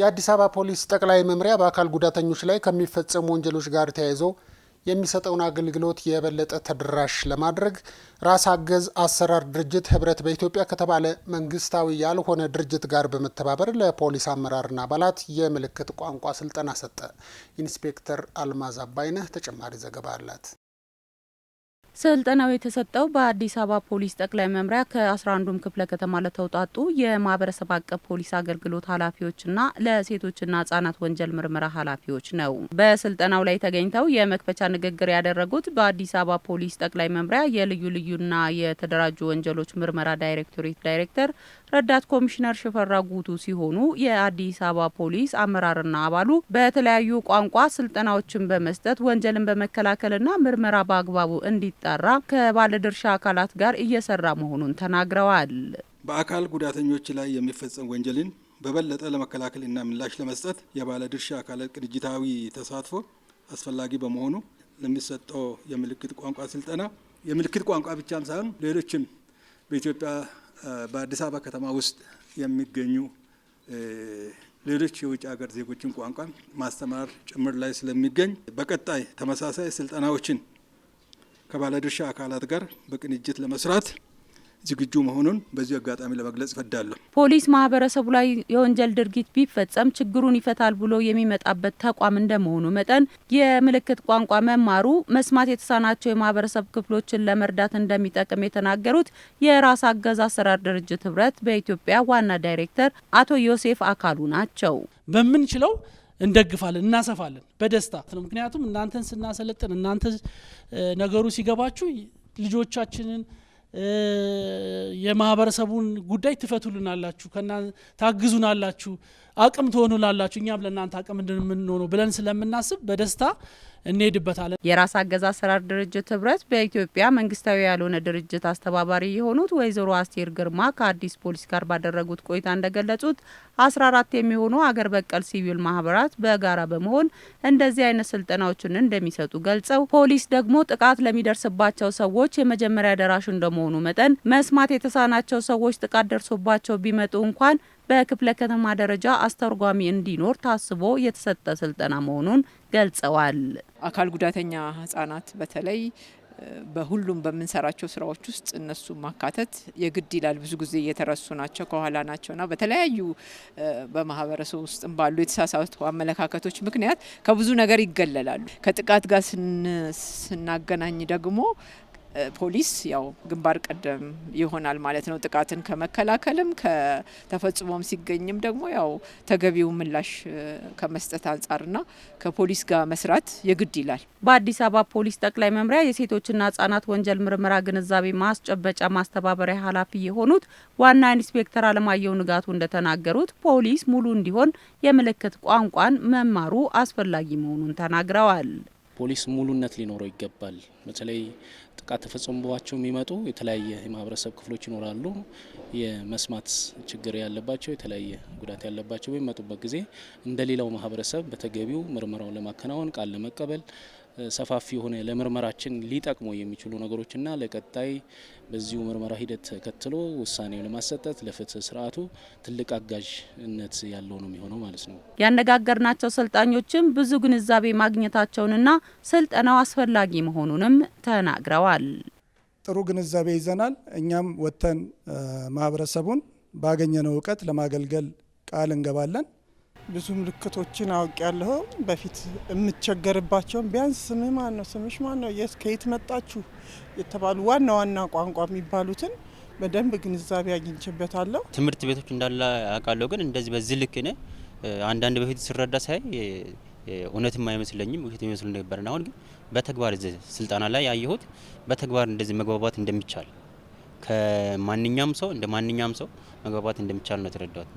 የአዲስ አበባ ፖሊስ ጠቅላይ መምሪያ በአካል ጉዳተኞች ላይ ከሚፈጸሙ ወንጀሎች ጋር ተያይዞ የሚሰጠውን አገልግሎት የበለጠ ተደራሽ ለማድረግ ራስ አገዝ አሰራር ድርጅት ህብረት በኢትዮጵያ ከተባለ መንግስታዊ ያልሆነ ድርጅት ጋር በመተባበር ለፖሊስ አመራርና አባላት የምልክት ቋንቋ ስልጠና ሰጠ። ኢንስፔክተር አልማዝ አባይነህ ተጨማሪ ዘገባ አላት። ስልጠናው የተሰጠው በአዲስ አበባ ፖሊስ ጠቅላይ መምሪያ ከ11ዱም ክፍለ ከተማ ለተውጣጡ የማህበረሰብ አቀፍ ፖሊስ አገልግሎት ኃላፊዎችና ለሴቶችና ህጻናት ወንጀል ምርመራ ኃላፊዎች ነው። በስልጠናው ላይ ተገኝተው የመክፈቻ ንግግር ያደረጉት በአዲስ አበባ ፖሊስ ጠቅላይ መምሪያ የልዩ ልዩና የተደራጁ ወንጀሎች ምርመራ ዳይሬክቶሬት ዳይሬክተር ረዳት ኮሚሽነር ሽፈራ ጉቱ ሲሆኑ የአዲስ አበባ ፖሊስ አመራርና አባሉ በተለያዩ ቋንቋ ስልጠናዎችን በመስጠት ወንጀልን በመከላከልና ምርመራ በአግባቡ እንዲ እንዲጣራ ከባለድርሻ አካላት ጋር እየሰራ መሆኑን ተናግረዋል። በአካል ጉዳተኞች ላይ የሚፈጸም ወንጀልን በበለጠ ለመከላከል እና ምላሽ ለመስጠት የባለድርሻ አካላት ቅንጅታዊ ተሳትፎ አስፈላጊ በመሆኑ ለሚሰጠው የምልክት ቋንቋ ስልጠና የምልክት ቋንቋ ብቻም ሳይሆን ሌሎችም በኢትዮጵያ በአዲስ አበባ ከተማ ውስጥ የሚገኙ ሌሎች የውጭ ሀገር ዜጎችን ቋንቋ ማስተማር ጭምር ላይ ስለሚገኝ በቀጣይ ተመሳሳይ ስልጠናዎችን ከባለድርሻ አካላት ጋር በቅንጅት ለመስራት ዝግጁ መሆኑን በዚህ አጋጣሚ ለመግለጽ እፈልጋለሁ። ፖሊስ ማህበረሰቡ ላይ የወንጀል ድርጊት ቢፈጸም ችግሩን ይፈታል ብሎ የሚመጣበት ተቋም እንደመሆኑ መጠን የምልክት ቋንቋ መማሩ መስማት የተሳናቸው የማህበረሰብ ክፍሎችን ለመርዳት እንደሚጠቅም የተናገሩት የራስ አገዝ አሰራር ድርጅት ህብረት በኢትዮጵያ ዋና ዳይሬክተር አቶ ዮሴፍ አካሉ ናቸው። በምንችለው እንደግፋለን፣ እናሰፋለን በደስታ ምክንያቱም እናንተን ስናሰለጥን እናንተ ነገሩ ሲገባችሁ ልጆቻችንን የማህበረሰቡን ጉዳይ ትፈቱልናላችሁ፣ ታግዙናላችሁ፣ አቅም ትሆኑላላችሁ እኛም ለእናንተ አቅም እንድንሆነው ብለን ስለምናስብ በደስታ እንሄድበታለን። የራስ አገዝ አሰራር ድርጅት ህብረት በኢትዮጵያ መንግስታዊ ያልሆነ ድርጅት አስተባባሪ የሆኑት ወይዘሮ አስቴር ግርማ ከአዲስ ፖሊስ ጋር ባደረጉት ቆይታ እንደገለጹት አስራ አራት የሚሆኑ አገር በቀል ሲቪል ማህበራት በጋራ በመሆን እንደዚህ አይነት ስልጠናዎችን እንደሚሰጡ ገልጸው ፖሊስ ደግሞ ጥቃት ለሚደርስባቸው ሰዎች የመጀመሪያ ደራሽ እንደመሆኑ መጠን መስማት የተሳናቸው ሰዎች ጥቃት ደርሶባቸው ቢመጡ እንኳን በክፍለ ከተማ ደረጃ አስተርጓሚ እንዲኖር ታስቦ የተሰጠ ስልጠና መሆኑን ገልጸዋል። አካል ጉዳተኛ ህጻናት በተለይ በሁሉም በምንሰራቸው ስራዎች ውስጥ እነሱ ማካተት የግድ ይላል። ብዙ ጊዜ እየተረሱ ናቸው፣ ከኋላ ናቸውና በተለያዩ በማህበረሰብ ውስጥም ባሉ የተሳሳቱ አመለካከቶች ምክንያት ከብዙ ነገር ይገለላሉ። ከጥቃት ጋር ስናገናኝ ደግሞ ፖሊስ ያው ግንባር ቀደም ይሆናል ማለት ነው። ጥቃትን ከመከላከልም ከተፈጽሞም ሲገኝም ደግሞ ያው ተገቢው ምላሽ ከመስጠት አንጻርና ከፖሊስ ጋር መስራት የግድ ይላል። በአዲስ አበባ ፖሊስ ጠቅላይ መምሪያ የሴቶችና ህጻናት ወንጀል ምርመራ ግንዛቤ ማስጨበጫ ማስተባበሪያ ኃላፊ የሆኑት ዋና ኢንስፔክተር አለማየሁ ንጋቱ እንደተናገሩት ፖሊስ ሙሉ እንዲሆን የምልክት ቋንቋን መማሩ አስፈላጊ መሆኑን ተናግረዋል። ፖሊስ ሙሉነት ሊኖረው ይገባል። በተለይ ጥቃት ተፈጽሞባቸው የሚመጡ የተለያየ የማህበረሰብ ክፍሎች ይኖራሉ። የመስማት ችግር ያለባቸው፣ የተለያየ ጉዳት ያለባቸው በሚመጡበት ጊዜ እንደሌላው ማህበረሰብ በተገቢው ምርመራውን ለማከናወን ቃል ለመቀበል ሰፋፊ የሆነ ለምርመራችን ሊጠቅሙ የሚችሉ ነገሮችና ለቀጣይ በዚሁ ምርመራ ሂደት ተከትሎ ውሳኔው ለማሰጠት ለፍትህ ስርዓቱ ትልቅ አጋዥነት ያለው ነው የሚሆነው ማለት ነው። ያነጋገርናቸው ሰልጣኞችም ብዙ ግንዛቤ ማግኘታቸውንና ስልጠናው አስፈላጊ መሆኑንም ተናግረዋል። ጥሩ ግንዛቤ ይዘናል። እኛም ወጥተን ማህበረሰቡን ባገኘነው እውቀት ለማገልገል ቃል እንገባለን። ብዙ ምልክቶችን አውቅ ያለሁ በፊት የምቸገርባቸውን ቢያንስ ስም ማን ነው ስምሽ ማን ነው የስ ከየት መጣችሁ የተባሉ ዋና ዋና ቋንቋ የሚባሉትን በደንብ ግንዛቤ አግኝቼበታለሁ። ትምህርት ቤቶች እንዳለ አውቃለሁ፣ ግን እንደዚህ በዚህ ልክ እኔ አንዳንድ በፊት ስረዳ ሳይ እውነትም አይመስለኝም ውሸት የሚመስሉ ነበር። አሁን ግን በተግባር እዚህ ስልጠና ላይ ያየሁት በተግባር እንደዚህ መግባባት እንደሚቻል ከማንኛውም ሰው እንደ ማንኛውም ሰው መግባባት እንደሚቻል ነው የተረዳሁት።